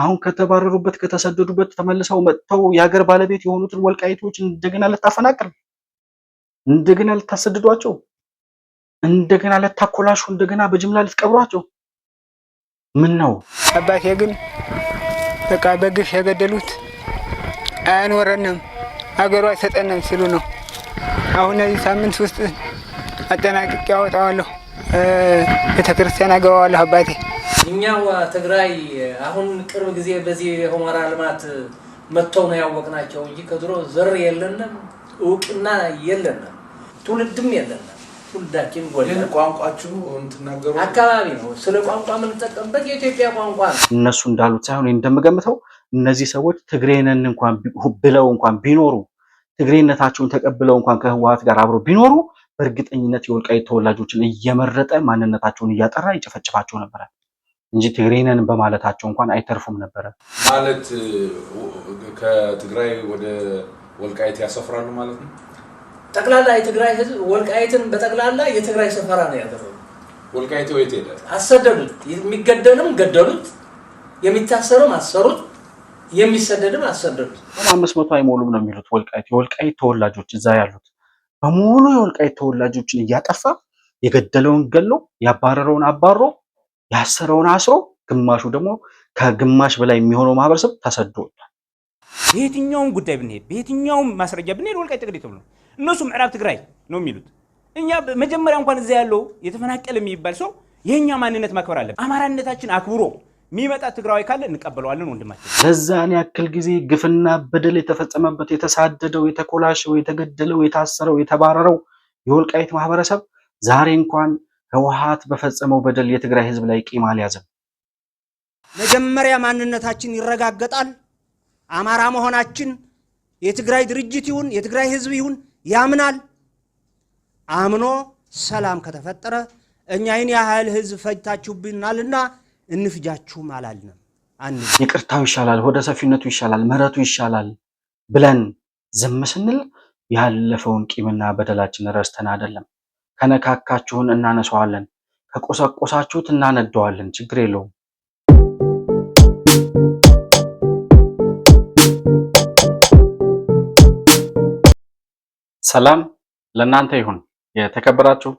አሁን ከተባረሩበት ከተሰደዱበት ተመልሰው መጥተው የሀገር ባለቤት የሆኑትን ወልቃይቶች እንደገና ልታፈናቅል፣ እንደገና ልታሰድዷቸው፣ እንደገና ልታኮላሹ፣ እንደገና በጅምላ ልትቀብሯቸው ምን ነው አባቴ ግን በቃ በግፍ የገደሉት አያኖረንም አገሩ አይሰጠንም ሲሉ ነው። አሁን እዚህ ሳምንት ውስጥ አጠናቅቄ አወጣዋለሁ፣ ቤተክርስቲያን አገባዋለሁ አባቴ እኛው ትግራይ አሁን ቅርብ ጊዜ በዚህ የሆመራ ልማት መጥተው ነው ያወቅናቸው እንጂ ከድሮ ዘር የለንም፣ እውቅና የለንም፣ ትውልድም የለንም። ትውልዳችን ጎልን ቋንቋችሁ እንትናገሩ አካባቢ ነው። ስለ ቋንቋ የምንጠቀምበት የኢትዮጵያ ቋንቋ ነው። እነሱ እንዳሉት ሳይሆን እንደምገምተው እነዚህ ሰዎች ትግሬነን እንኳን ብለው እንኳን ቢኖሩ ትግሬነታቸውን ተቀብለው እንኳን ከህወሓት ጋር አብረው ቢኖሩ በእርግጠኝነት የወልቃይት ተወላጆችን እየመረጠ ማንነታቸውን እያጠራ ይጨፈጭፋቸው ነበረ። እንጂ ትግሬ ነን በማለታቸው እንኳን አይተርፉም ነበረ። ማለት ከትግራይ ወደ ወልቃይት ያሰፍራሉ ማለት ነው። ጠቅላላ የትግራይ ህዝብ ወልቃይትን በጠቅላላ የትግራይ ሰፈራ ነው ያደረጉ። ወልቃይት ወይት ሄደ? አሰደዱት። የሚገደልም ገደሉት፣ የሚታሰርም አሰሩት፣ የሚሰደድም አሰደዱት። አምስት መቶ አይሞሉም ነው የሚሉት ወልቃይት የወልቃይት ተወላጆች እዛ ያሉት በሙሉ የወልቃይት ተወላጆችን እያጠፋ የገደለውን ገሎ ያባረረውን አባሮ ያሰረውን አስሮ ግማሹ ደግሞ ከግማሽ በላይ የሚሆነው ማህበረሰብ ተሰዶ ወጥቷል። በየትኛውም ጉዳይ ብንሄድ በየትኛውም ማስረጃ ብንሄድ ወልቃይት ጠገዴ ተብሎ እነሱ ምዕራብ ትግራይ ነው የሚሉት። እኛ መጀመሪያ እንኳን እዚያ ያለው የተፈናቀለ የሚባል ሰው የእኛ ማንነት ማክበር አለብን። አማራነታችን አክብሮ የሚመጣ ትግራዊ ካለ እንቀበለዋለን ወንድማችን። በዛን ያክል ጊዜ ግፍና በደል የተፈጸመበት የተሳደደው፣ የተኮላሸው፣ የተገደለው፣ የታሰረው፣ የተባረረው የወልቃይት ማህበረሰብ ዛሬ እንኳን ህወሓት በፈጸመው በደል የትግራይ ህዝብ ላይ ቂም አልያዘም። መጀመሪያ ማንነታችን ይረጋገጣል። አማራ መሆናችን የትግራይ ድርጅት ይሁን የትግራይ ህዝብ ይሁን ያምናል። አምኖ ሰላም ከተፈጠረ እኛ ይህን ያህል ህዝብ ፈጅታችሁብናልና እንፍጃችሁም አላልንም። ይቅርታው ይሻላል፣ ወደ ሰፊነቱ ይሻላል፣ ምሕረቱ ይሻላል ብለን ዝም ስንል ያለፈውን ቂምና በደላችን ረስተን አይደለም ከነካካችሁን እናነሳዋለን፣ ከቆሰቆሳችሁት እናነደዋለን። ችግር የለውም። ሰላም ለእናንተ ይሁን። የተከበራችሁ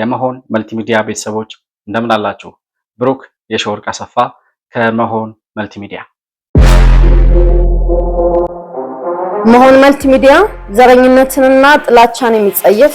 የመሆን መልቲሚዲያ ቤተሰቦች እንደምን አላችሁ? ብሩክ የሸወርቅ አሰፋ ከመሆን መልቲሚዲያ። መሆን መልቲሚዲያ ዘረኝነትንና ጥላቻን የሚጸየፍ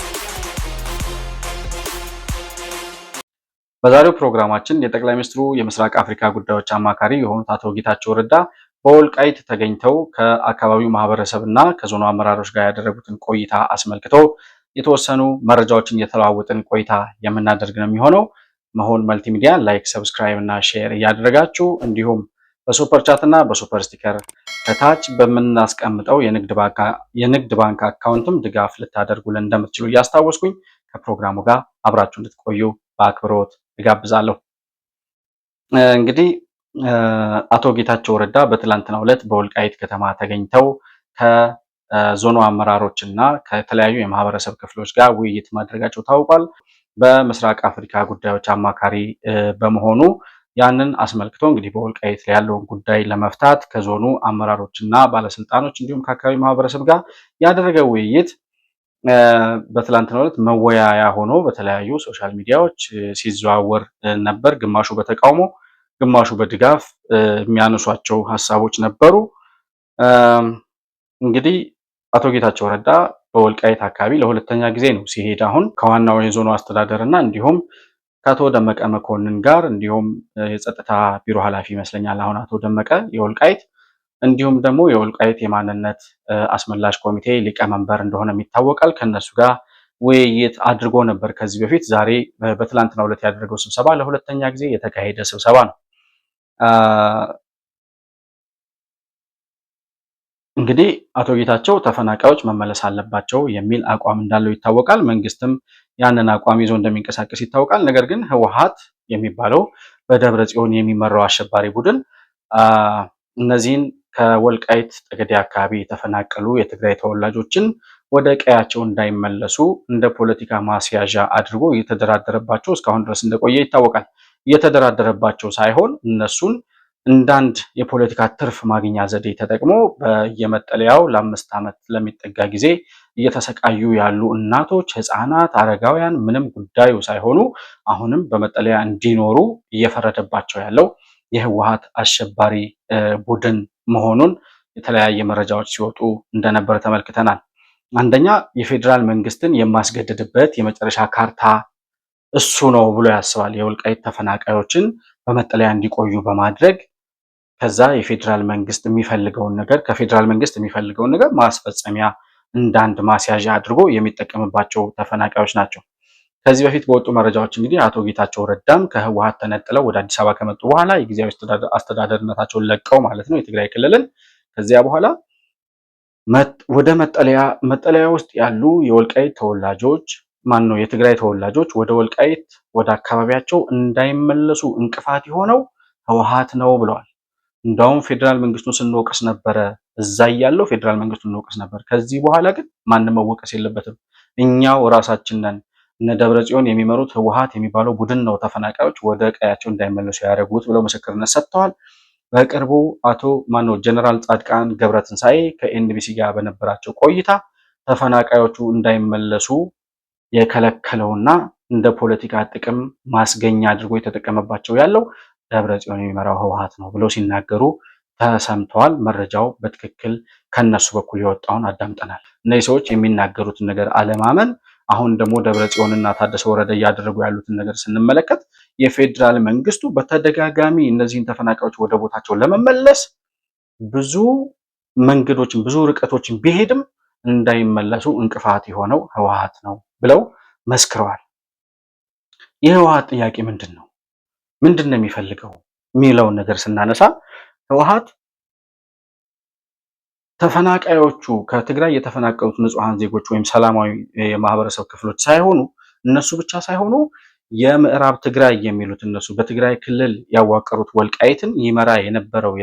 በዛሬው ፕሮግራማችን የጠቅላይ ሚኒስትሩ የምስራቅ አፍሪካ ጉዳዮች አማካሪ የሆኑት አቶ ጌታቸው ረዳ በወልቃይት ተገኝተው ከአካባቢው ማህበረሰብ እና ከዞኑ አመራሮች ጋር ያደረጉትን ቆይታ አስመልክቶ የተወሰኑ መረጃዎችን እየተለዋወጥን ቆይታ የምናደርግ ነው የሚሆነው። መሆን መልቲሚዲያ ላይክ፣ ሰብስክራይብ እና ሼር እያደረጋችሁ እንዲሁም በሱፐር ቻት እና በሱፐር ስቲከር ከታች በምናስቀምጠው የንግድ ባንክ አካውንትም ድጋፍ ልታደርጉልን እንደምትችሉ እያስታወስኩኝ ከፕሮግራሙ ጋር አብራችሁ እንድትቆዩ በአክብሮት እጋብዛለሁ። እንግዲህ አቶ ጌታቸው ረዳ በትላንትናው ዕለት በወልቃይት ከተማ ተገኝተው ከዞኑ አመራሮች እና ከተለያዩ የማህበረሰብ ክፍሎች ጋር ውይይት ማድረጋቸው ታውቋል። በምስራቅ አፍሪካ ጉዳዮች አማካሪ በመሆኑ ያንን አስመልክቶ እንግዲህ በወልቃይት ላይ ያለውን ጉዳይ ለመፍታት ከዞኑ አመራሮች እና ባለስልጣኖች እንዲሁም ከአካባቢ ማህበረሰብ ጋር ያደረገ ውይይት በትላንትናው ዕለት መወያያ ሆኖ በተለያዩ ሶሻል ሚዲያዎች ሲዘዋወር ነበር። ግማሹ በተቃውሞ ግማሹ በድጋፍ የሚያነሷቸው ሀሳቦች ነበሩ። እንግዲህ አቶ ጌታቸው ረዳ በወልቃይት አካባቢ ለሁለተኛ ጊዜ ነው ሲሄድ አሁን ከዋናው የዞኑ አስተዳደር እና እንዲሁም ከአቶ ደመቀ መኮንን ጋር እንዲሁም የጸጥታ ቢሮ ኃላፊ ይመስለኛል አሁን አቶ ደመቀ የወልቃይት እንዲሁም ደግሞ የወልቃይት የማንነት አስመላሽ ኮሚቴ ሊቀመንበር እንደሆነም ይታወቃል። ከነሱ ጋር ውይይት አድርጎ ነበር ከዚህ በፊት። ዛሬ በትላንትናው ዕለት ያደረገው ስብሰባ ለሁለተኛ ጊዜ የተካሄደ ስብሰባ ነው። እንግዲህ አቶ ጌታቸው ተፈናቃዮች መመለስ አለባቸው የሚል አቋም እንዳለው ይታወቃል። መንግስትም ያንን አቋም ይዞ እንደሚንቀሳቀስ ይታወቃል። ነገር ግን ህወሓት የሚባለው በደብረ ጽዮን የሚመራው አሸባሪ ቡድን እነዚህን ከወልቃይት ጠገዴ አካባቢ የተፈናቀሉ የትግራይ ተወላጆችን ወደ ቀያቸው እንዳይመለሱ እንደ ፖለቲካ ማስያዣ አድርጎ እየተደራደረባቸው እስካሁን ድረስ እንደቆየ ይታወቃል። እየተደራደረባቸው ሳይሆን እነሱን እንዳንድ የፖለቲካ ትርፍ ማግኛ ዘዴ ተጠቅሞ በየመጠለያው ለአምስት ዓመት ለሚጠጋ ጊዜ እየተሰቃዩ ያሉ እናቶች፣ ህፃናት አረጋውያን ምንም ጉዳዩ ሳይሆኑ አሁንም በመጠለያ እንዲኖሩ እየፈረደባቸው ያለው የህወሀት አሸባሪ ቡድን መሆኑን የተለያየ መረጃዎች ሲወጡ እንደነበረ ተመልክተናል። አንደኛ የፌዴራል መንግስትን የማስገደድበት የመጨረሻ ካርታ እሱ ነው ብሎ ያስባል። የወልቃይት ተፈናቃዮችን በመጠለያ እንዲቆዩ በማድረግ ከዛ የፌዴራል መንግስት የሚፈልገውን ነገር ከፌዴራል መንግስት የሚፈልገውን ነገር ማስፈጸሚያ እንዳንድ ማስያዣ አድርጎ የሚጠቀምባቸው ተፈናቃዮች ናቸው። ከዚህ በፊት በወጡ መረጃዎች እንግዲህ አቶ ጌታቸው ረዳም ከህወሀት ተነጥለው ወደ አዲስ አበባ ከመጡ በኋላ የጊዜያዊ አስተዳደርነታቸውን ለቀው ማለት ነው የትግራይ ክልልን ከዚያ በኋላ ወደ መጠለያ መጠለያ ውስጥ ያሉ የወልቃይት ተወላጆች ማን ነው የትግራይ ተወላጆች ወደ ወልቃይት ወደ አካባቢያቸው እንዳይመለሱ እንቅፋት የሆነው ህወሀት ነው ብለዋል። እንዳውም ፌዴራል መንግስቱን ስንወቀስ ነበረ፣ እዛ ያለው ፌዴራል መንግስቱን እንወቀስ ነበር። ከዚህ በኋላ ግን ማንም መወቀስ የለበትም እኛው ራሳችን ነን እነ ደብረ ጽዮን የሚመሩት ህወሀት የሚባለው ቡድን ነው ተፈናቃዮች ወደ ቀያቸው እንዳይመለሱ ያደረጉት ብለው ምስክርነት ሰጥተዋል። በቅርቡ አቶ ማነው ጀነራል ጻድቃን ገብረትንሳኤ ከኤንቢሲ ጋር በነበራቸው ቆይታ ተፈናቃዮቹ እንዳይመለሱ የከለከለውና እንደ ፖለቲካ ጥቅም ማስገኛ አድርጎ የተጠቀመባቸው ያለው ደብረ ጽዮን የሚመራው ህወሀት ነው ብለው ሲናገሩ ተሰምተዋል። መረጃው በትክክል ከነሱ በኩል የወጣውን አዳምጠናል። እነዚህ ሰዎች የሚናገሩትን ነገር አለማመን አሁን ደግሞ ደብረ ጽዮንና ታደሰ ወረደ እያደረጉ ያሉትን ነገር ስንመለከት የፌዴራል መንግስቱ በተደጋጋሚ እነዚህን ተፈናቃዮች ወደ ቦታቸው ለመመለስ ብዙ መንገዶችን ብዙ ርቀቶችን ቢሄድም እንዳይመለሱ እንቅፋት የሆነው ህወሓት ነው ብለው መስክረዋል። የህወሓት ጥያቄ ምንድን ነው? ምንድን ነው የሚፈልገው የሚለውን ነገር ስናነሳ ህወሓት ተፈናቃዮቹ ከትግራይ የተፈናቀሉት ንጹሐን ዜጎች ወይም ሰላማዊ የማህበረሰብ ክፍሎች ሳይሆኑ እነሱ ብቻ ሳይሆኑ የምዕራብ ትግራይ የሚሉት እነሱ በትግራይ ክልል ያዋቀሩት ወልቃይትን ይመራ የነበረው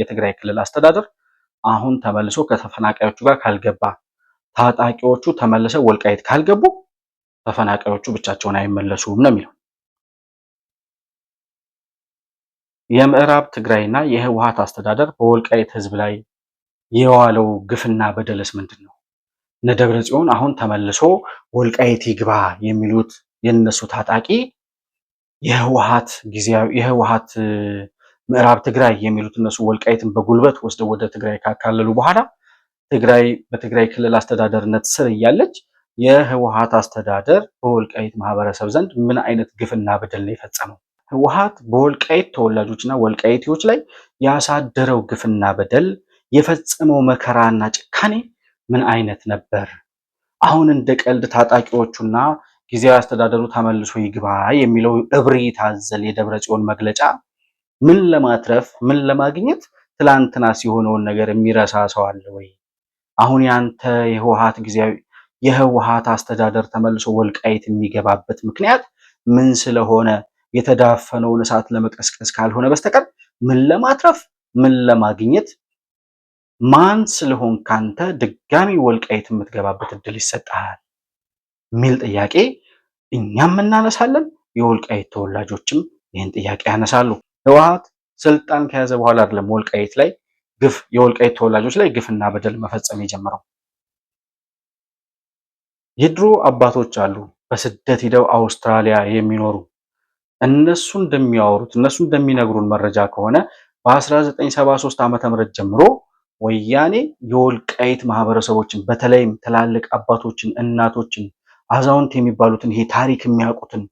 የትግራይ ክልል አስተዳደር አሁን ተመልሶ ከተፈናቃዮቹ ጋር ካልገባ፣ ታጣቂዎቹ ተመልሰው ወልቃይት ካልገቡ ተፈናቃዮቹ ብቻቸውን አይመለሱም ነው የሚለው። የምዕራብ ትግራይና የህወሀት አስተዳደር በወልቃይት ህዝብ ላይ የዋለው ግፍና በደልስ ምንድን ነው? እነ ደብረ ጽዮን አሁን ተመልሶ ወልቃይት ይግባ የሚሉት የነሱ ታጣቂ የህወሀት ጊዜያዊ የህወሀት ምዕራብ ትግራይ የሚሉት እነሱ ወልቃይትን በጉልበት ወስደ ወደ ትግራይ ካካለሉ በኋላ ትግራይ በትግራይ ክልል አስተዳደርነት ስር እያለች የህወሀት አስተዳደር በወልቃይት ማህበረሰብ ዘንድ ምን አይነት ግፍና በደል ነው የፈጸመው? ህወሀት በወልቃይት ተወላጆችና ወልቃይቴዎች ላይ ያሳደረው ግፍና በደል የፈጸመው መከራና ጭካኔ ምን አይነት ነበር? አሁን እንደ ቀልድ ታጣቂዎቹና ጊዜያዊ አስተዳደሩ ተመልሶ ይግባ የሚለው እብሪት አዘል የደብረ ጽዮን መግለጫ ምን ለማትረፍ ምን ለማግኘት ትላንትና ሲሆነውን ነገር የሚረሳ ሰው አለ ወይ? አሁን ያንተ የህወሓት ጊዜያዊ የህወሓት አስተዳደር ተመልሶ ወልቃይት የሚገባበት ምክንያት ምን ስለሆነ የተዳፈነውን እሳት ለመቀስቀስ ካልሆነ በስተቀር ምን ለማትረፍ ምን ለማግኘት ማን ስለሆን ካንተ ድጋሚ ወልቃይት የምትገባበት እድል ይሰጣል የሚል ጥያቄ እኛም እናነሳለን። የወልቃይት ተወላጆችም ይህን ጥያቄ ያነሳሉ። ህወሓት ስልጣን ከያዘ በኋላ አይደለም ወልቃይት ላይ ግፍ የወልቃይት ተወላጆች ላይ ግፍና በደል መፈጸም የጀመረው። የድሮ አባቶች አሉ በስደት ሂደው አውስትራሊያ የሚኖሩ እነሱ እንደሚያወሩት እነሱ እንደሚነግሩን መረጃ ከሆነ በ1973 ም ጀምሮ ወያኔ የወልቃይት ማህበረሰቦችን በተለይም ትላልቅ አባቶችን፣ እናቶችን፣ አዛውንት የሚባሉትን ይሄ ታሪክ የሚያውቁትን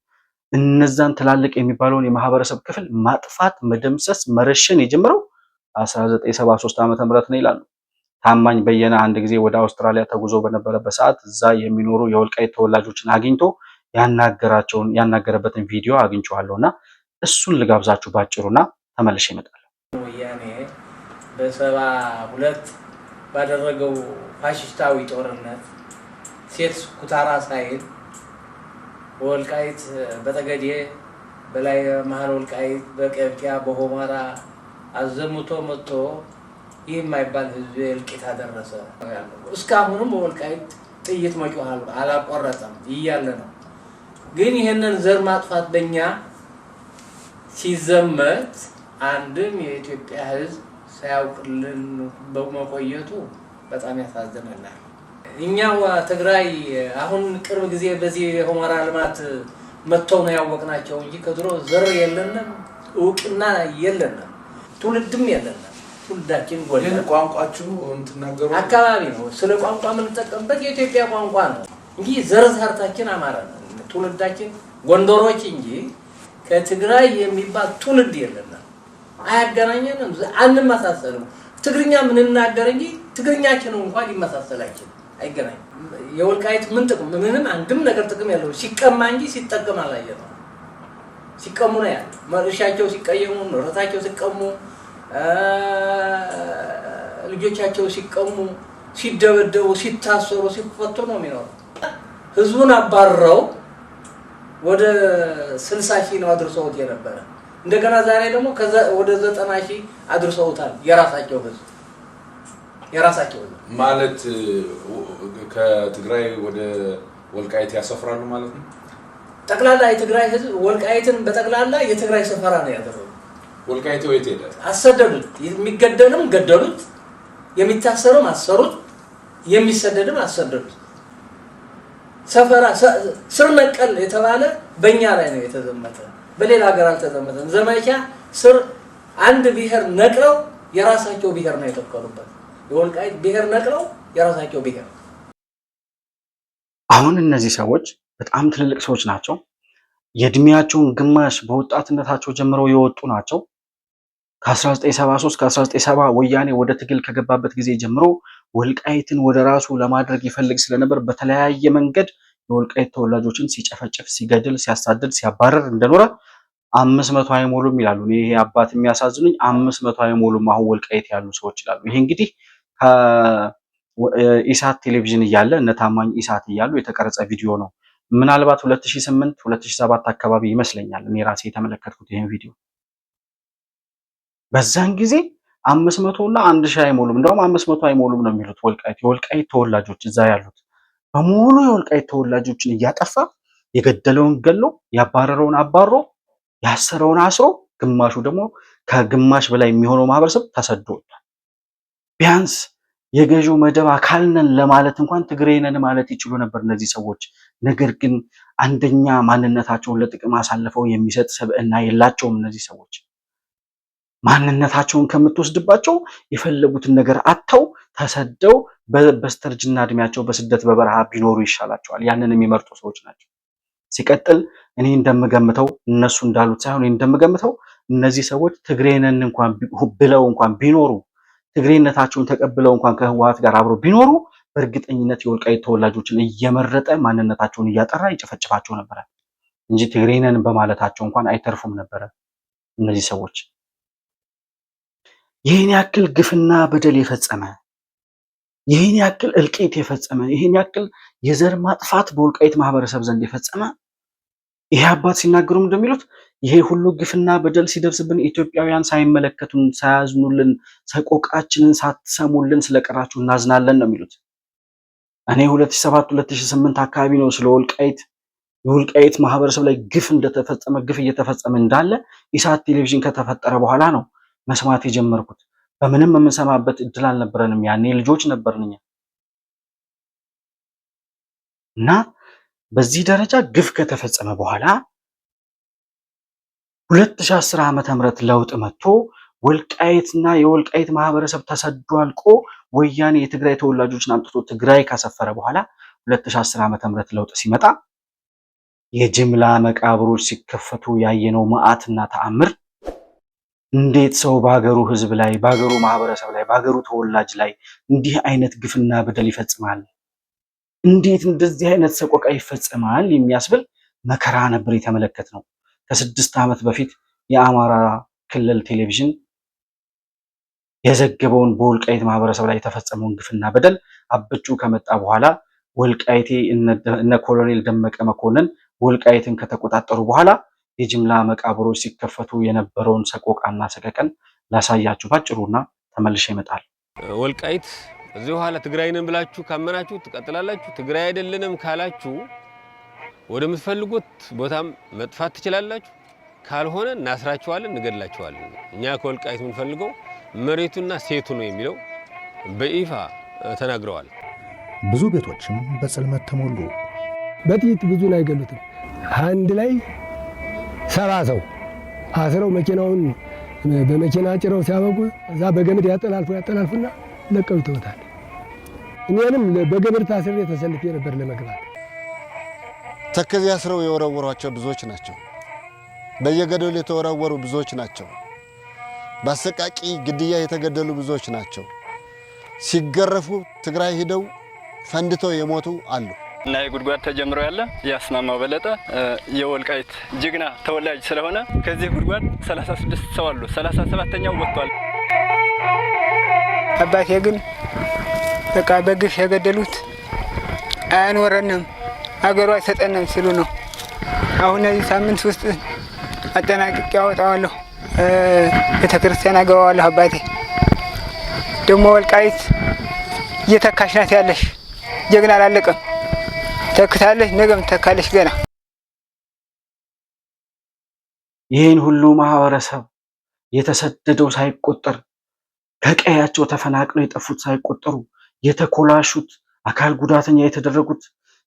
እነዛን ትላልቅ የሚባለውን የማህበረሰብ ክፍል ማጥፋት፣ መደምሰስ፣ መረሸን የጀመረው 1973 ዓ ምህረት ነው ይላሉ። ታማኝ በየነ አንድ ጊዜ ወደ አውስትራሊያ ተጉዞ በነበረበት ሰዓት እዛ የሚኖሩ የወልቃይት ተወላጆችን አግኝቶ ያናገራቸውን ያናገረበትን ቪዲዮ አግኝቼዋለሁ እና እሱን ልጋብዛችሁ ባጭሩና ተመልሼ እመጣለሁ። በሰባ ሁለት ባደረገው ፋሽስታዊ ጦርነት ሴት ኩታራ ሳይል በወልቃይት በጠገዴ በላይ መሀል ወልቃይት በቀብቲያ በሆመራ አዘምቶ መጥቶ ይህ የማይባል ህዝብ እልቂት አደረሰ። እስካሁንም በወልቃይት ጥይት መጮህ አላቆረጠም እያለ ነው። ግን ይህንን ዘር ማጥፋት በኛ ሲዘመት አንድም የኢትዮጵያ ህዝብ ሳያውቅልን በመቆየቱ በጣም ያሳዝናል። እኛው ትግራይ አሁን ቅርብ ጊዜ በዚህ የሁመራ ልማት መጥተው ነው ያወቅናቸው እንጂ ከድሮ ዘር የለንም፣ እውቅና የለንም፣ ትውልድም የለንም። ትውልዳችን ጎልን ቋንቋችሁ የምትናገሩ አካባቢ ነው። ስለ ቋንቋ የምንጠቀምበት የኢትዮጵያ ቋንቋ ነው እንጂ ዘር ዘርታችን አማራ ነው። ትውልዳችን ጎንደሮች እንጂ ከትግራይ የሚባል ትውልድ የለንም። አያገናኘንም፣ አንመሳሰልም። ትግርኛ ምንናገር እንጂ ትግርኛችን እንኳን ሊመሳሰላችን አይገናኝ። የወልቃይት ምን ጥቅም ምንም አንድም ነገር ጥቅም ያለው ሲቀማ እንጂ ሲጠቅም አላየ ነው። ሲቀሙ ነው ያሉ መርሻቸው ሲቀየሙ፣ ንብረታቸው ሲቀሙ፣ ልጆቻቸው ሲቀሙ፣ ሲደበደቡ፣ ሲታሰሩ፣ ሲፈቱ ነው የሚኖሩ። ህዝቡን አባረው ወደ ስልሳ ሺህ ነው አድርሰውት የነበረ እንደገና ዛሬ ደግሞ ወደ ዘጠና ሺህ አድርሰውታል። የራሳቸው ህዝብ የራሳቸው ህዝብ ማለት ከትግራይ ወደ ወልቃይት ያሰፍራሉ ማለት ነው። ጠቅላላ የትግራይ ህዝብ ወልቃይትን በጠቅላላ የትግራይ ሰፈራ ነው ያደረጉ። ወልቃይት ወይት ሄደ አሰደዱት። የሚገደልም ገደሉት፣ የሚታሰርም አሰሩት፣ የሚሰደድም አሰደዱት። ሰፈራ ስር ነቀል የተባለ በእኛ ላይ ነው የተዘመተ በሌላ ሀገር አልተዘመተም። ዘመቻ ስር አንድ ብሔር ነቅለው የራሳቸው ብሔር ነው የተከሉበት። የወልቃይት ብሔር ነቅለው የራሳቸው ብሔር። አሁን እነዚህ ሰዎች በጣም ትልልቅ ሰዎች ናቸው። የእድሜያቸውን ግማሽ በወጣትነታቸው ጀምረው የወጡ ናቸው። ከ1973 ከ1970 ወያኔ ወደ ትግል ከገባበት ጊዜ ጀምሮ ወልቃይትን ወደ ራሱ ለማድረግ ይፈልግ ስለነበር በተለያየ መንገድ የወልቃይት ተወላጆችን ሲጨፈጭፍ፣ ሲገድል፣ ሲያሳድድ፣ ሲያባረር እንደኖረ አምስት መቶ አይሞሉም ይላሉ። ይሄ አባት የሚያሳዝኑኝ አምስት መቶ አይሞሉም አሁን ወልቃይት ያሉ ሰዎች ይላሉ። ይሄ እንግዲህ ኢሳት ቴሌቪዥን እያለ እነ ታማኝ ኢሳት እያሉ የተቀረጸ ቪዲዮ ነው። ምናልባት 2008 2007 አካባቢ ይመስለኛል እኔ ራሴ የተመለከትኩት ይህን ቪዲዮ። በዛን ጊዜ አምስት መቶ እና አንድ ሺህ አይሞሉም እንደውም አምስት መቶ አይሞሉም ነው የሚሉት ወልቃይት የወልቃይት ተወላጆች እዛ ያሉት በመሆኑ የወልቃይት ተወላጆችን እያጠፋ የገደለውን ገሎ ያባረረውን አባሮ ያሰረውን አስሮ ግማሹ ደግሞ ከግማሽ በላይ የሚሆነው ማህበረሰብ ተሰዶታል። ቢያንስ የገዢው መደብ አካል ነን ለማለት እንኳን ትግሬ ነን ማለት ይችሉ ነበር እነዚህ ሰዎች። ነገር ግን አንደኛ ማንነታቸውን ለጥቅም አሳልፈው የሚሰጥ ሰብዕና የላቸውም እነዚህ ሰዎች። ማንነታቸውን ከምትወስድባቸው የፈለጉትን ነገር አጥተው ተሰደው በስተርጅና እድሜያቸው በስደት በበረሃ ቢኖሩ ይሻላቸዋል። ያንን የሚመርጡ ሰዎች ናቸው። ሲቀጥል እኔ እንደምገምተው እነሱ እንዳሉት ሳይሆን እኔ እንደምገምተው እነዚህ ሰዎች ትግሬነን እንኳን ብለው እንኳን ቢኖሩ ትግሬነታቸውን ተቀብለው እንኳን ከህወሀት ጋር አብረው ቢኖሩ በእርግጠኝነት የወልቃይት ተወላጆችን እየመረጠ ማንነታቸውን እያጠራ ይጨፈጭፋቸው ነበረ እንጂ ትግሬነን በማለታቸው እንኳን አይተርፉም ነበረ እነዚህ ሰዎች። ይህን ያክል ግፍና በደል የፈጸመ ይህን ያክል እልቂት የፈጸመ ይህን ያክል የዘር ማጥፋት በወልቃይት ማህበረሰብ ዘንድ የፈጸመ ይሄ አባት ሲናገሩም እንደሚሉት ይሄ ሁሉ ግፍና በደል ሲደርስብን ኢትዮጵያውያን ሳይመለከቱን፣ ሳያዝኑልን፣ ሰቆቃችንን ሳትሰሙልን ስለቀራችሁ እናዝናለን ነው የሚሉት። እኔ 2007 2008 አካባቢ ነው ስለ ወልቃይት የወልቃይት ማህበረሰብ ላይ ግፍ እንደተፈጸመ ግፍ እየተፈጸመ እንዳለ ኢሳት ቴሌቪዥን ከተፈጠረ በኋላ ነው መስማት የጀመርኩት። በምንም የምንሰማበት እድል አልነበረንም። ያኔ ልጆች ነበርን እኛ እና በዚህ ደረጃ ግፍ ከተፈጸመ በኋላ 2010 ዓመተ ምህረት ለውጥ መጥቶ ወልቃይትና የወልቃይት ማህበረሰብ ተሰዶ አልቆ ወያኔ የትግራይ ተወላጆችን አምጥቶ ትግራይ ካሰፈረ በኋላ 2010 ዓመተ ምህረት ለውጥ ሲመጣ የጅምላ መቃብሮች ሲከፈቱ ያየነው መዓትና ተአምር እንዴት ሰው በሀገሩ ህዝብ ላይ በሀገሩ ማህበረሰብ ላይ በሀገሩ ተወላጅ ላይ እንዲህ አይነት ግፍና በደል ይፈጽማል? እንዴት እንደዚህ አይነት ሰቆቃ ይፈጽማል? የሚያስብል መከራ ነበር የተመለከት ነው። ከስድስት ዓመት በፊት የአማራ ክልል ቴሌቪዥን የዘገበውን በወልቃይት ማህበረሰብ ላይ የተፈጸመውን ግፍና በደል አበጩ ከመጣ በኋላ ወልቃይቴ እነ ኮሎኔል ደመቀ መኮንን ወልቃይትን ከተቆጣጠሩ በኋላ የጅምላ መቃብሮች ሲከፈቱ የነበረውን ሰቆቃና ሰቀቀን ላሳያችሁ ባጭሩና ተመልሼ ይመጣል። ወልቃይት እዚህ በኋላ ትግራይ ነን ብላችሁ ካመናችሁ ትቀጥላላችሁ። ትግራይ አይደለንም ካላችሁ ወደምትፈልጉት ቦታም መጥፋት ትችላላችሁ። ካልሆነ እናስራችኋለን፣ እንገድላችኋለን። እኛ ከወልቃይት የምንፈልገው መሬቱና ሴቱ ነው የሚለው በይፋ ተናግረዋል። ብዙ ቤቶችም በጽልመት ተሞሉ። በጥይት ብዙን አይገሉትም አንድ ላይ ሰባ ሰው አስረው መኪናውን በመኪና ጭረው ሲያበቁ እዛ በገመድ ያጠላልፉ ያጠላልፉና ለቀው ይተውታል። እኔንም በገመድ ታስሬ ተሰልፌ ነበር ለመግባት። ተከዜ አስረው የወረወሯቸው ብዙዎች ናቸው። በየገደሉ የተወረወሩ ብዙዎች ናቸው። በአሰቃቂ ግድያ የተገደሉ ብዙዎች ናቸው። ሲገረፉ ትግራይ ሂደው ፈንድተው የሞቱ አሉ። እና የጉድጓድ ተጀምሮ ያለ የአስማማው በለጠ የወልቃይት ጀግና ተወላጅ ስለሆነ ከዚህ ጉድጓድ 36 ሰው አሉ። 37ተኛው ወጥቷል። አባቴ ግን በቃ በግፍ የገደሉት አያኖረንም፣ አገሩ አይሰጠንም ሲሉ ነው። አሁን እዚህ ሳምንት ውስጥ አጠናቅቄ ያወጣዋለሁ፣ ቤተክርስቲያን አገባዋለሁ። አባቴ ደግሞ ወልቃይት እየተካሽ ናት ያለሽ ጀግና አላለቀም። ተክታለች፣ ነገም ተካለች ገና። ይህን ሁሉ ማህበረሰብ የተሰደደው ሳይቆጠር ከቀያቸው ተፈናቅለው የጠፉት ሳይቆጠሩ የተኮላሹት አካል ጉዳተኛ የተደረጉት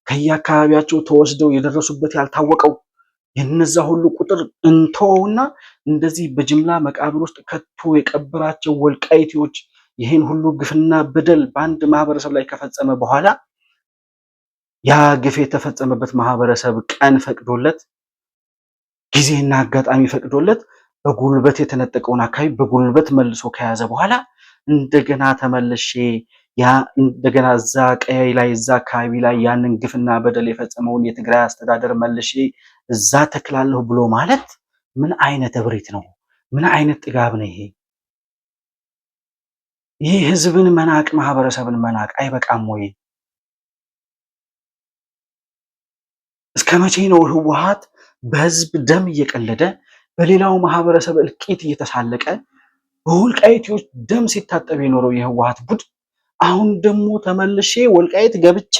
ከየአካባቢያቸው ተወስደው የደረሱበት ያልታወቀው የነዛ ሁሉ ቁጥር እንተወውና እንደዚህ በጅምላ መቃብር ውስጥ ከቶ የቀበራቸው ወልቃይቴዎች ይህን ሁሉ ግፍና በደል በአንድ ማህበረሰብ ላይ ከፈጸመ በኋላ ያ ግፍ የተፈጸመበት ማህበረሰብ ቀን ፈቅዶለት ጊዜና አጋጣሚ ፈቅዶለት በጉልበት የተነጠቀውን አካባቢ በጉልበት መልሶ ከያዘ በኋላ እንደገና ተመልሼ ያ እንደገና እዛ ቀያይ ላይ እዛ አካባቢ ላይ ያንን ግፍና በደል የፈጸመውን የትግራይ አስተዳደር መልሼ እዛ ተክላለሁ ብሎ ማለት ምን አይነት እብሪት ነው? ምን አይነት ጥጋብ ነው ይሄ? ይህ ህዝብን መናቅ ማህበረሰብን መናቅ አይበቃም ወይ? እስከ መቼ ነው ህወሀት በህዝብ ደም እየቀለደ በሌላው ማህበረሰብ እልቂት እየተሳለቀ በወልቃይቶች ደም ሲታጠብ የኖረው የህወሀት ቡድን አሁን ደግሞ ተመልሼ ወልቃይት ገብቼ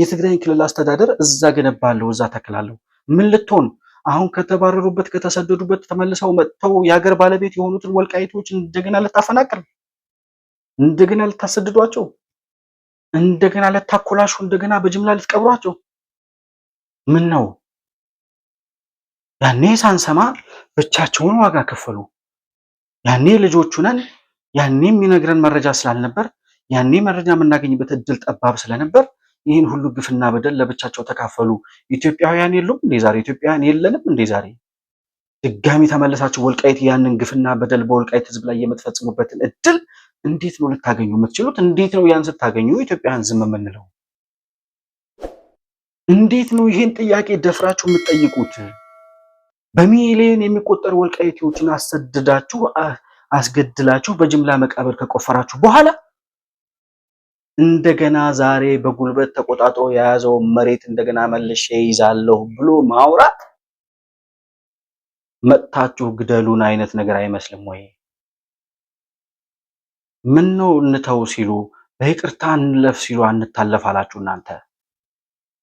የትግራይ ክልል አስተዳደር እዛ ገነባለሁ፣ እዛ ተክላለሁ። ምን ልትሆን አሁን ከተባረሩበት ከተሰደዱበት ተመልሰው መጥተው የሀገር ባለቤት የሆኑትን ወልቃይቶች እንደገና ልታፈናቅል፣ እንደገና ልታሰድዷቸው፣ እንደገና ልታኮላሹ፣ እንደገና በጅምላ ልትቀብሯቸው ምን ነው ያኔ ሳንሰማ ብቻቸውን ዋጋ ከፈሉ። ያኔ ልጆቹ ነን፣ ያኔ የሚነግረን መረጃ ስላልነበር፣ ያኔ መረጃ የምናገኝበት እድል ጠባብ ስለነበር ይህን ሁሉ ግፍና በደል ለብቻቸው ተካፈሉ። ኢትዮጵያውያን የሉም እንዴ ዛሬ? ኢትዮጵያውያን የለንም እንዴ ዛሬ? ድጋሚ ተመለሳችሁ ወልቃይት ያንን ግፍና በደል በወልቃይት ህዝብ ላይ የምትፈጽሙበትን እድል እንዴት ነው ልታገኙ የምትችሉት? እንዴት ነው ያን ስታገኙ ኢትዮጵያውያን ዝም የምንለው? እንዴት ነው ይሄን ጥያቄ ደፍራችሁ የምትጠይቁት? በሚሊዮን የሚቆጠሩ ወልቃይቴዎችን አሰድዳችሁ አስገድላችሁ በጅምላ መቃብር ከቆፈራችሁ በኋላ እንደገና ዛሬ በጉልበት ተቆጣጥሮ የያዘው መሬት እንደገና መልሼ ይዛለሁ ብሎ ማውራት መጥታችሁ ግደሉን አይነት ነገር አይመስልም ወይ? ምን ነው እንተው ሲሉ በይቅርታ እንለፍ ሲሉ አላችሁ እናንተ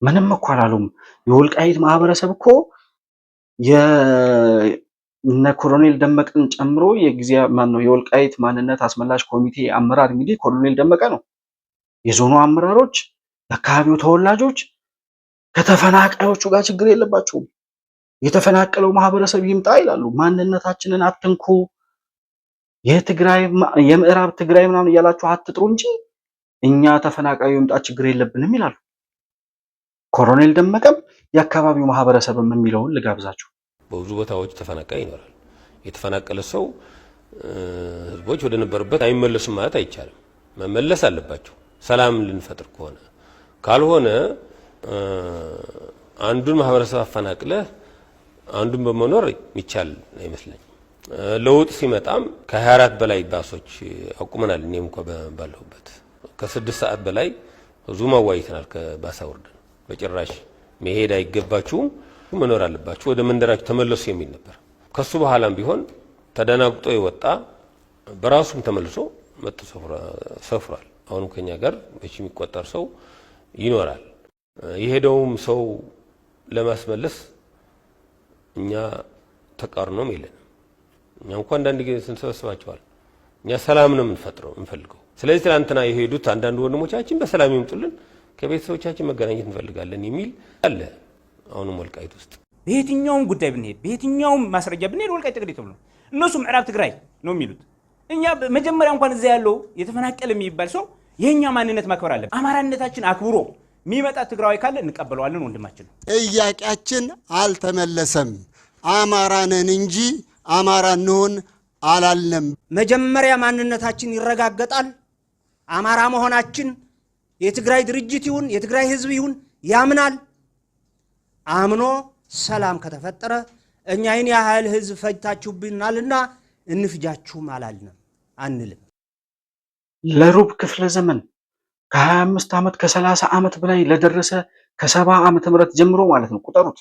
ምንም እኮ አላሉም። የወልቃይት ማህበረሰብ እኮ የነ ኮሎኔል ደመቀን ጨምሮ የጊዜ የወልቃይት ማንነት አስመላሽ ኮሚቴ አመራር እንግዲህ ኮሎኔል ደመቀ ነው። የዞኑ አመራሮች፣ የአካባቢው ተወላጆች ከተፈናቃዮቹ ጋር ችግር የለባቸውም። የተፈናቀለው ማህበረሰብ ይምጣ ይላሉ። ማንነታችንን አትንኩ፣ የትግራይ የምዕራብ ትግራይ ምናምን እያላችሁ አትጥሩ እንጂ እኛ ተፈናቃዩ ይምጣ ችግር የለብንም ይላሉ። ኮሎኔል ደመቀም የአካባቢው ማህበረሰብም የሚለውን ልጋብዛችሁ። በብዙ ቦታዎች ተፈናቃይ ይኖራል። የተፈናቀለ ሰው ህዝቦች ወደ ነበሩበት አይመለሱም ማለት አይቻልም። መመለስ አለባቸው ሰላም ልንፈጥር ከሆነ። ካልሆነ አንዱን ማህበረሰብ አፈናቅለህ አንዱን በመኖር ይቻል አይመስለኝ። ለውጥ ሲመጣም ከ24 በላይ ባሶች አቁመናል። እኔም እንኳ ባለሁበት ከስድስት ሰዓት በላይ ብዙ ማዋይተናል ከባሳ ወርደን በጭራሽ መሄድ አይገባችሁም፣ መኖር አለባችሁ፣ ወደ መንደራችሁ ተመለሱ የሚል ነበር። ከሱ በኋላም ቢሆን ተደናግጦ የወጣ በራሱም ተመልሶ መጥቶ ሰፍሯል። አሁንም ከኛ ጋር በሺ የሚቆጠር ሰው ይኖራል። የሄደውም ሰው ለማስመለስ እኛ ተቃርኖም የለንም። እኛ እንኳ አንዳንድ ጊዜ ስንሰበስባቸዋል። እኛ ሰላም ነው የምንፈጥረው የምንፈልገው። ስለዚህ ትላንትና የሄዱት አንዳንድ ወንድሞቻችን በሰላም ይምጡልን ከቤተሰቦቻችን መገናኘት እንፈልጋለን የሚል አለ። አሁንም ወልቃይት ውስጥ በየትኛውም ጉዳይ ብንሄድ፣ በየትኛውም ማስረጃ ብንሄድ ወልቃይት ጠገዴ ተብሎ እነሱ ምዕራብ ትግራይ ነው የሚሉት። እኛ መጀመሪያ እንኳን እዚያ ያለው የተፈናቀለ የሚባል ሰው የእኛ ማንነት ማክበር አለ። አማራነታችን አክብሮ የሚመጣ ትግራዊ ካለ እንቀበለዋለን። ወንድማችን ጥያቄያችን አልተመለሰም። አማራነን እንጂ አማራ እንሆን አላልንም። መጀመሪያ ማንነታችን ይረጋገጣል። አማራ መሆናችን የትግራይ ድርጅት ይሁን የትግራይ ህዝብ ይሁን ያምናል። አምኖ ሰላም ከተፈጠረ እኛ ይህን ያህል ህዝብ ፈጅታችሁብናልና እንፍጃችሁም አላልንም አንልም። ለሩብ ክፍለ ዘመን ከ25 ዓመት ከ30 ዓመት በላይ ለደረሰ ከ70 ዓመተ ምህረት ጀምሮ ማለት ነው ቁጠሩት።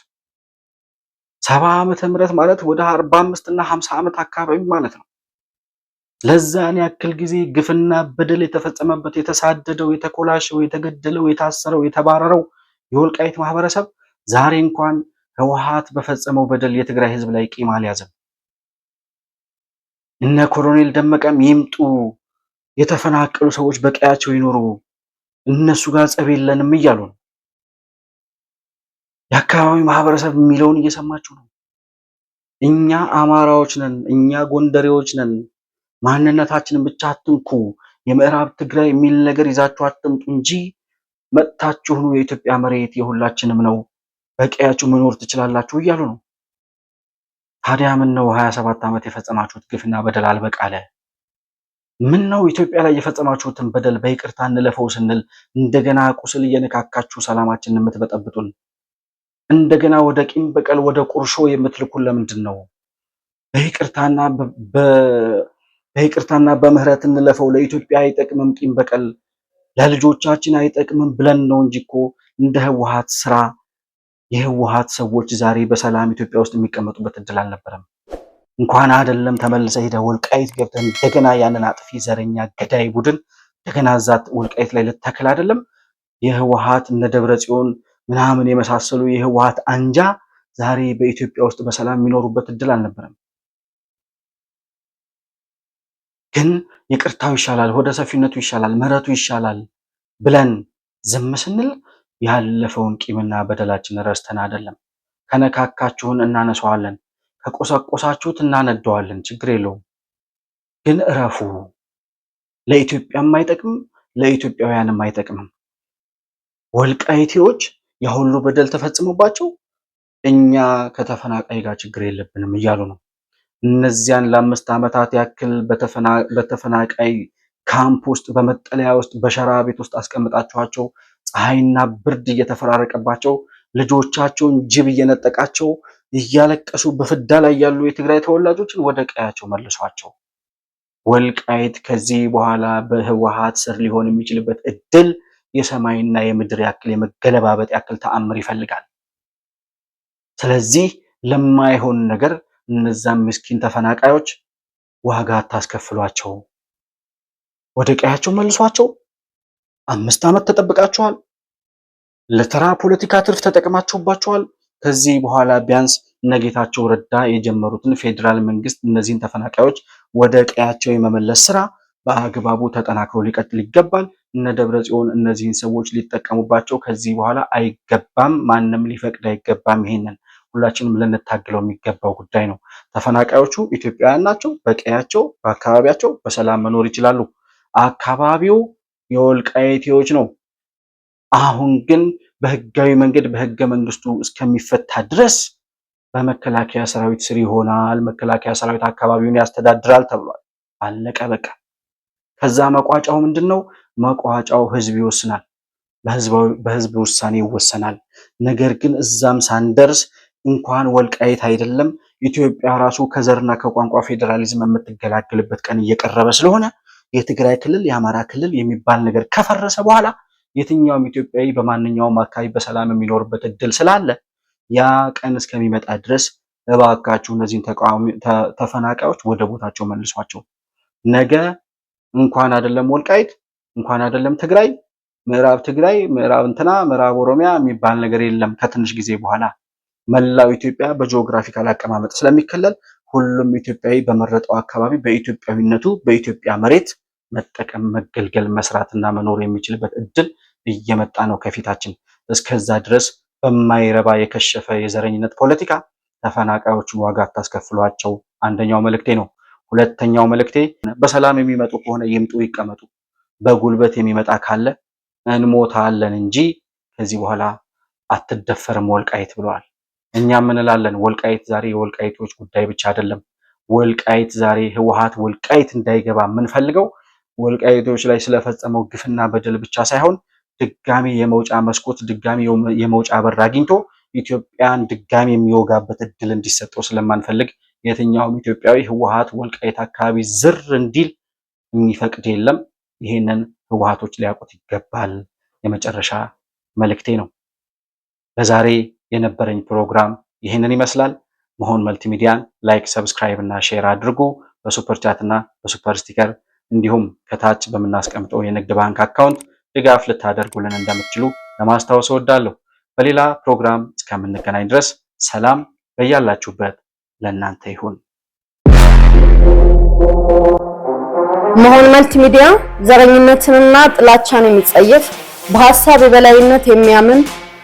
70 ዓመተ ምህረት ማለት ወደ 45 እና 50 ዓመት አካባቢ ማለት ነው። ለዛን ያክል ጊዜ ግፍና በደል የተፈጸመበት የተሳደደው፣ የተኮላሸው፣ የተገደለው፣ የታሰረው፣ የተባረረው የወልቃይት ማህበረሰብ ዛሬ እንኳን ህወሓት በፈጸመው በደል የትግራይ ህዝብ ላይ ቂም አልያዘም። እነ ኮሎኔል ደመቀም ይምጡ፣ የተፈናቀሉ ሰዎች በቀያቸው ይኖሩ፣ እነሱ ጋር ጸብ የለንም እያሉ ነው። የአካባቢው ማህበረሰብ የሚለውን እየሰማችሁ ነው። እኛ አማራዎች ነን፣ እኛ ጎንደሬዎች ነን ማንነታችንን ብቻ አትንኩ። የምዕራብ ትግራይ የሚል ነገር ይዛችሁ አትምጡ እንጂ መጥታችሁ የኢትዮጵያ መሬት የሁላችንም ነው፣ በቀያችሁ መኖር ትችላላችሁ እያሉ ነው። ታዲያ ምን ነው ሀያ ሰባት ዓመት የፈጸማችሁት ግፍና በደል አልበቃለ ምን ነው ኢትዮጵያ ላይ የፈጸማችሁትን በደል በይቅርታ እንለፈው ስንል እንደገና ቁስል እየነካካችሁ ሰላማችንን የምትበጠብጡን እንደገና ወደ ቂም በቀል ወደ ቁርሾ የምትልኩን ለምንድን ነው? በይቅርታና በይቅርታና በምህረት እንለፈው። ለኢትዮጵያ አይጠቅምም፣ ቂም በቀል ለልጆቻችን አይጠቅምም ብለን ነው እንጂ እኮ እንደ ህወሓት ስራ የህወሓት ሰዎች ዛሬ በሰላም ኢትዮጵያ ውስጥ የሚቀመጡበት እድል አልነበረም። እንኳን አይደለም ተመልሰ ሄደህ ወልቃይት ገብተን እንደገና ያንን አጥፊ ዘረኛ ገዳይ ቡድን እንደገና እዛ ወልቃይት ላይ ልታክል አይደለም። የህወሓት እነ ደብረ ጽዮን ምናምን የመሳሰሉ የህወሓት አንጃ ዛሬ በኢትዮጵያ ውስጥ በሰላም የሚኖሩበት እድል አልነበረም። ግን ይቅርታው ይሻላል፣ ሆደ ሰፊነቱ ይሻላል፣ ምሕረቱ ይሻላል ብለን ዝም ስንል ያለፈውን ቂምና በደላችን ረስተን አይደለም። ከነካካችሁን እናነሳዋለን፣ ከቆሰቆሳችሁት እናነደዋለን፣ ችግር የለውም። ግን እረፉ። ለኢትዮጵያም አይጠቅም፣ ለኢትዮጵያውያንም አይጠቅምም። ወልቃይቴዎች ያሁሉ በደል ተፈጽሞባቸው እኛ ከተፈናቃይ ጋር ችግር የለብንም እያሉ ነው። እነዚያን ለአምስት ዓመታት ያክል በተፈናቃይ ካምፕ ውስጥ በመጠለያ ውስጥ በሸራ ቤት ውስጥ አስቀምጣችኋቸው ፀሐይና ብርድ እየተፈራረቀባቸው ልጆቻቸውን ጅብ እየነጠቃቸው እያለቀሱ በፍዳ ላይ ያሉ የትግራይ ተወላጆችን ወደ ቀያቸው መልሷቸው። ወልቃይት ከዚህ በኋላ በህወሓት ስር ሊሆን የሚችልበት እድል የሰማይና የምድር ያክል የመገለባበጥ ያክል ተአምር ይፈልጋል። ስለዚህ ለማይሆን ነገር እነዛም ምስኪን ተፈናቃዮች ዋጋ አታስከፍሏቸው፣ ወደ ቀያቸው መልሷቸው። አምስት ዓመት ተጠብቃችኋል። ለተራ ፖለቲካ ትርፍ ተጠቅማችሁባቸዋል። ከዚህ በኋላ ቢያንስ እነ ጌታቸው ረዳ የጀመሩትን ፌዴራል መንግስት እነዚህን ተፈናቃዮች ወደ ቀያቸው የመመለስ ስራ በአግባቡ ተጠናክሮ ሊቀጥል ይገባል። እነ ደብረ ጽዮን እነዚህን ሰዎች ሊጠቀሙባቸው ከዚህ በኋላ አይገባም። ማንም ሊፈቅድ አይገባም። ይሄንን ሁላችንም ልንታግለው የሚገባው ጉዳይ ነው። ተፈናቃዮቹ ኢትዮጵያውያን ናቸው። በቀያቸው በአካባቢያቸው በሰላም መኖር ይችላሉ። አካባቢው የወልቃይቴዎች ነው። አሁን ግን በህጋዊ መንገድ በህገ መንግስቱ እስከሚፈታ ድረስ በመከላከያ ሰራዊት ስር ይሆናል። መከላከያ ሰራዊት አካባቢውን ያስተዳድራል ተብሏል። አለቀ በቃ። ከዛ መቋጫው ምንድን ነው? መቋጫው ህዝብ ይወስናል፣ በህዝብ ውሳኔ ይወሰናል። ነገር ግን እዛም ሳንደርስ እንኳን ወልቃይት አይደለም ኢትዮጵያ ራሱ ከዘርና ከቋንቋ ፌዴራሊዝም የምትገላገልበት ቀን እየቀረበ ስለሆነ የትግራይ ክልል የአማራ ክልል የሚባል ነገር ከፈረሰ በኋላ የትኛውም ኢትዮጵያዊ በማንኛውም አካባቢ በሰላም የሚኖርበት እድል ስላለ ያ ቀን እስከሚመጣ ድረስ እባካችሁ እነዚህን ተፈናቃዮች ወደ ቦታቸው መልሷቸው። ነገ እንኳን አይደለም ወልቃይት እንኳን አይደለም ትግራይ ምዕራብ ትግራይ ምዕራብ እንትና ምዕራብ ኦሮሚያ የሚባል ነገር የለም ከትንሽ ጊዜ በኋላ መላው ኢትዮጵያ በጂኦግራፊካል አቀማመጥ ስለሚከለል ሁሉም ኢትዮጵያዊ በመረጠው አካባቢ በኢትዮጵያዊነቱ በኢትዮጵያ መሬት መጠቀም መገልገል መስራትና መኖር የሚችልበት እድል እየመጣ ነው ከፊታችን። እስከዛ ድረስ በማይረባ የከሸፈ የዘረኝነት ፖለቲካ ተፈናቃዮችን ዋጋ አታስከፍሏቸው። አንደኛው መልእክቴ ነው። ሁለተኛው መልእክቴ በሰላም የሚመጡ ከሆነ ይምጡ፣ ይቀመጡ። በጉልበት የሚመጣ ካለ እንሞታለን እንጂ ከዚህ በኋላ አትደፈርም ወልቃይት ብለዋል። እኛ ምንላለን? ወልቃይት ዛሬ የወልቃይቶች ጉዳይ ብቻ አይደለም። ወልቃይት ዛሬ ህወሓት ወልቃይት እንዳይገባ የምንፈልገው ወልቃይቶች ላይ ስለፈጸመው ግፍና በደል ብቻ ሳይሆን ድጋሚ የመውጫ መስኮት ድጋሚ የመውጫ በር አግኝቶ ኢትዮጵያን ድጋሚ የሚወጋበት እድል እንዲሰጠው ስለማንፈልግ የትኛውም ኢትዮጵያዊ ህወሓት ወልቃይት አካባቢ ዝር እንዲል የሚፈቅድ የለም። ይህንን ህወሓቶች ሊያውቁት ይገባል። የመጨረሻ መልእክቴ ነው። በዛሬ የነበረኝ ፕሮግራም ይህንን ይመስላል። መሆን መልቲሚዲያን ላይክ፣ ሰብስክራይብ እና ሼር አድርጉ። በሱፐር ቻት እና በሱፐር ስቲከር እንዲሁም ከታች በምናስቀምጠው የንግድ ባንክ አካውንት ድጋፍ ልታደርጉልን እንደምትችሉ ለማስታወስ እወዳለሁ። በሌላ ፕሮግራም እስከምንገናኝ ድረስ ሰላም በያላችሁበት ለእናንተ ይሁን። መሆን መልቲ ሚዲያ ዘረኝነትንና ጥላቻን የሚጸየፍ በሀሳብ የበላይነት የሚያምን